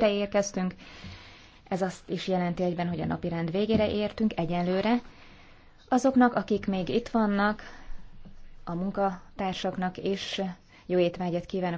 végére érkeztünk. Ez azt is jelenti egyben, hogy a napi rend végére értünk egyenlőre. Azoknak, akik még itt vannak, a munkatársaknak és jó étvágyat kívánok.